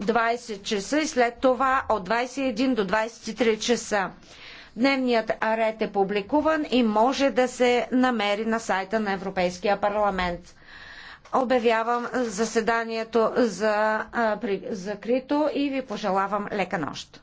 20 часа и след това от 21 до 23 часа. Дневният ред е публикуван и може да се намери на сайта на Европейския парламент. Обявявам заседанието за закрито и ви пожелавам лека нощ.